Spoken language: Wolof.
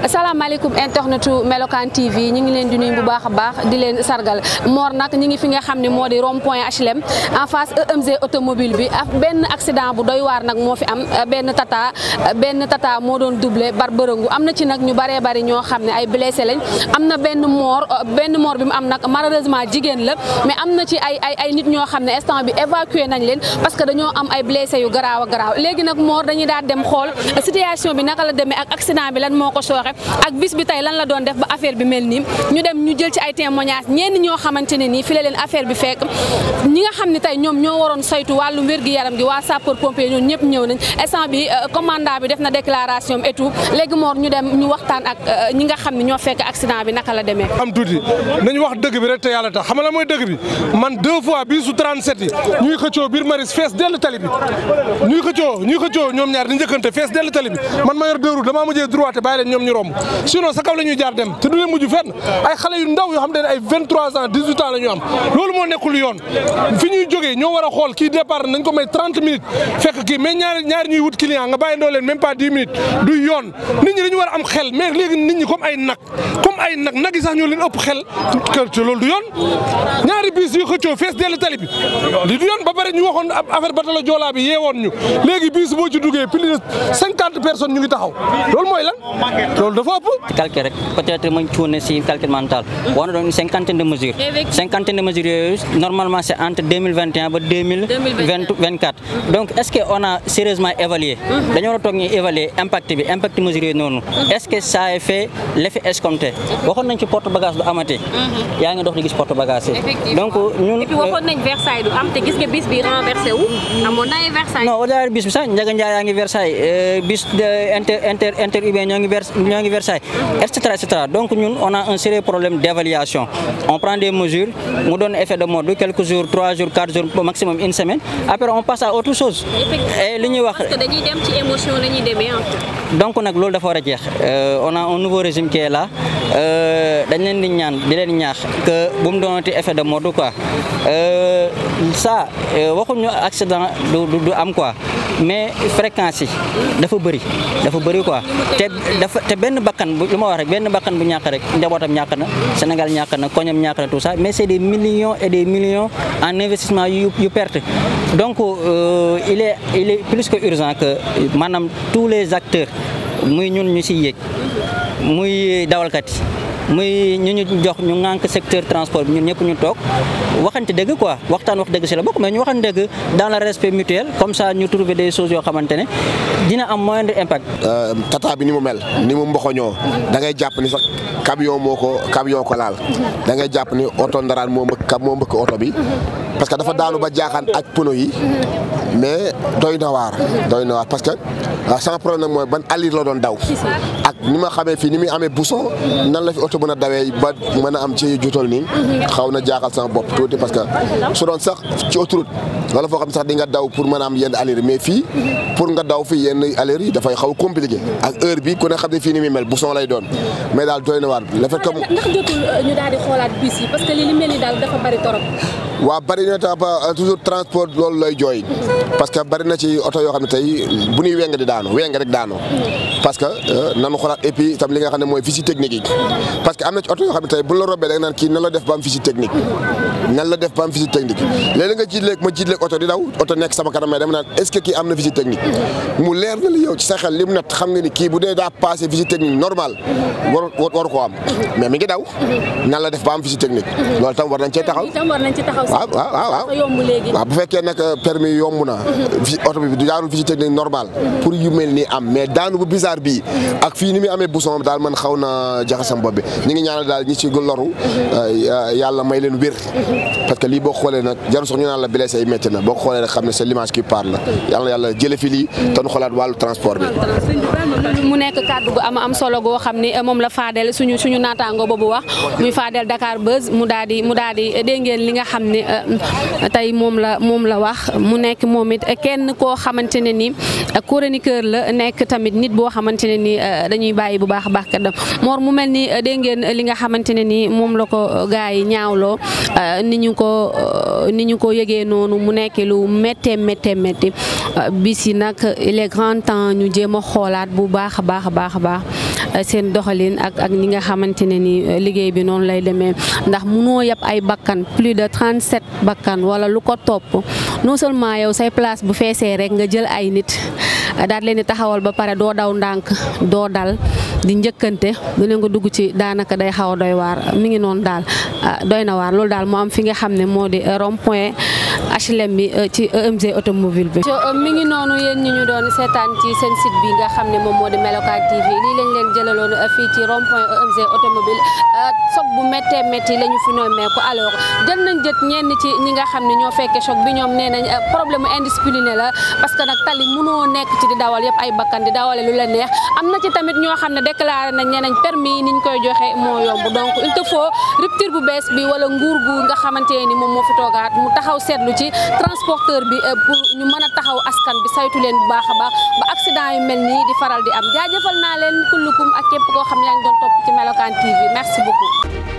asalaamaaleykum internetu melokaan TV ñu ngi leen di nuyu bu baax a baax di leen sargal Mor nag ñu ngi fi nga xam ne moo di rond point HLM en face EMG automobile bi ak benn accident bu doy waar nag moo fi am benn tata benn tata moo doon doublé bar bërëngu am na ci nag ñu baree bari ñoo xam ne ay blessé lañ am na benn moor benn moor bi mu am nag malheureusement jigéen la mais am na ci ay ay ay nit ñoo xam ne instant bi évacué nañ leen parce que dañoo am ay blessé yu garaaw a garaaw léegi nag moor dañuy daal dem xool situation bi naka la demee ak accident bi lan moo ko sooxe ak bis bi tey lan la doon def ba affaire bi mel nii ñu dem ñu jël ci ay témoignages ñenn ñoo xamante ne nii fi la leen affaire bi fekk ñi nga xam ne tey ñoom ñoo waroon saytu wàllum wér-gi-yaram gi waa sapeur pompier ñëpp ñëw nañ instant bi euh, commandant bi na déclaration et tout léegi ñu dem ñu waxtaan ak euh, ñi nga xam ne ñoo fekk accident bi naka la demee. am tuuti nañ wax dëgg bi rek te yàlla tax xam mooy dëgg bi man deux fois bii ñuy xëccoo biir maris fees dell tali bi ñuy xëccoo ñoom ñaar di njëkkante fees dell romb sinon sa kaw la ñuy jaar dem te du leen mujj fenn ay xale yu ndaw yoo xam ne ay 23 ans 18 ans la am loolu moo nekkul yoon fi ñuy jógee ñoo war a xool kii départ nañ ko may 30 minutes fekk kii mais ñaar ñaar ñuy wut client nga bàyyi ndoo leen même pas 10 minutes du yoon nit ñi dañu war am xel mais léegi nit ñi comme ay nag comme ay nag nag sax ñoo leen ëpp xel te loolu du yoon ñaari bus yu xëccoo fees dellu tali bi li du yoon ba pare ñu waxoon affaire batalo joolaa bi yeewoon ñu léegi bus boo ci duggee plus de cinquante personnes ñu ngi taxaw loolu mooy lan loolu dafa ëpp calque rek peut-être cuune si calcul mental wax doon cinquantaine de mesures cinquantaine de mesures yooyu normalement c'est entre ba 2024 donc est-ce que on a sérieusement évalué mhm. dañoo war a toog ñuy évaluer impact bi impact mesures yooyu noonu mhm. est-ce que ça a fait l'effet escompté waxoon nañ ci porte bagage du amati mhm. yaa ngi dox di donc ñun. et puis waxoon nañ Versailles du am te gis nga bis bi renversé wu. amon na Versailles. non au bis bi sax Ndiaga Ndiaye yaa ngi Versailles euh, bis de inter inter inter urbain ñoo ngi vers ñoo ngi Versailles et cetera donc ñun on a un sérieux problème d'évaluation on prend des mesures mu donne effet de mode quelques jours 3 jours 4 jours au maximum une semaine après on passe à autre chose. et liñuy wax parce que dañuy dem ci émotion lañuy ñuy en fait. donc nak loolu dafa wara a euh on a un nouveau régime qui est là euh dañ leen di ñaan di leen ñaax que bu mu doonati effet de mode. quoi euh, ça euh, waxuñu accident du du am quoi mais fréquence yi dafa bëri dafa bëri quoi te dafa te benn bakkan bu lu ma wax rek benn bakkan bu ñàkk rek njabootam ñàkk na Sénégal ñàkk na koñam ñàkk na tout ça mais c'est des millions et des millions en investissement yu yu perte donc euh, il est il plus que urgent que maanaam tous les acteurs muy ñun ñu si yéeg muy dawalkat yi muy ñu ñu jox ñu ŋànk secteur transport bi ñun ñëpp ñu toog waxante dëgg quoi waxtaan wax dëgg si la bokk mais ñu waxante dëgg dans respect mutuel comme ça ñu trouver des choses yoo xamante ne dina am moindre impact. Euh, tata bi ni mu mel ni mu mboxoñoo da jàpp ni sax camion moo ko camion ko laal dangay jàpp ni oto ndaraan moo mbëkk moo mbëkk oto bi. parce que dafa daanu ba jaaxaan ak pono yi mais doy na waar doy parce que ah, sans problème mooy ban alir la doon daw ak nima ma fi nimi amé bousson nan la fi auto meuna a ba meuna am ci jutal ni xawna jaxal jaaxal sama bopp tuuti parce que su doon sax ci autoroute wala fo xam sax di nga daw pour meuna am yenn alir mais fi pour nga daw fi yenn alir yi fay xaw compliqué ak heure bi ku ne xam ne fii mel bousson lay doon mais dal doy na le fait que ndax jotul euh, ñu daal xolaat bis yi parce que li li mel ni dal dafa bari torop waaw bari na ta ba euh, toujours transport loolu lay jooy parce que bëri na ci oto yoo xam ne tey bu ñuy weng di daanu weng rek daano parce que euh, nanu xoolaat et puis tam li nga xam ne mooy visite technique yi parce que am na ci oto yoo xam ne tey bu la robee da naan kii na la def ba am visite technique nan la def ba am visite technique léeg nga jiit leeg ma jiit leeg oto di daw oto nekk sama kanam mais dama naan est-ce que kii am na visite mu leer na sa xel li mu nat xam nga ni kii bu dee daa passé visite technique normal war waru koo am mais mi ngi daw nan la def ba am technique loolu tam war nañ cee taxaw waaw waaw waaw waaw bu fekkee nag euh, permis yomb na mhm. oto bi du jaarul visite technique normal pour yu mel nii am mais daanu bu bizarre bii mhm. ak fii ni muy amee bouson daal man xaw na jaxasam bopp bi ñu ngi ñaanal daal ñi ci loru mhm. euh, yàlla may leen wér parce que li boo xolé nak jaru sax ñu naan la blessé yi metti na boo xolé rek xamné c'est l'image qui parle yalla yalla jëlé fi li tan xolaat walu transport bi mu nekk kàddu gu am am solo go xamné euh, mom la Fadel suñu suñu naataango bobu wax muy Fadel Dakar Buzz mu daal mu daal di euh, ngeen li nga xamné euh, tay mom la mom la wax mu nekk momit kenn ko xamantene ni chroniqueur la nekk tamit nit bo xamantene ni dañuy bayyi bu baax baax kadam Mor mu melni ni ngeen li nga xamantene ni mom la ko gaay ñaawlo ni ñu ko euh, ni ñu ko yëgee noonu mu nekk lu méttee méttee métti euh, bis yi nag il est grand temps ñu jéem a xoolaat bu baax a baax a baax a baax euh, seen doxalin ak ak ñi nga xamante ne ni liggéey bi noonu lay demee ndax munoo yab ay bakkan plus de 37 bakkan wala lu ko topp non seulement yow say place bu feesee rek nga jël ay nit daal leen di taxawal ba pare doo daw ndànk doo dal. di njëkkante du leen ko dugg ci daanaka day xaw a doy waar mi ngi noonu daal ah, doy na waar loolu daal moo am fi nga xam ne moo di rond point HLM bi euh, ci EMG euh, e automobile bi. Euh, mi ngi noonu yéen ñi ñu doon seetaan ci seen site bi nga xam ne moom moo di Melokaan TV lii lañ leen jëlaloon fii ci rond point EMG automobile choc bu méttee métti la ñu fi nemmeeku alors jël nañ jët ñenn ci ñi nga xam ne ñoo fekkee choc bi ñoom nee nañ problème indiscipliné la parce que nag tali mënoo nekk ci di dawal yëpp ay bakkan di dawale lu la neex am na ci tamit ñoo xam ne déclaré nañ ñeneen permis yi niñ koy joxe moo yomb donc il te faut rupture bu bees bi wala nguur ni moom moo fi toogaat mu taxaw jublu ci transporteur bi eh, pour ñu mën a taxaw askan bi saytu leen bu baax a baax ba accident yu mel nii di faral di am jaajëfal naa leen kullukum ak képp koo xam yaa ngi doon topp ci Melokaan TV merci beaucoup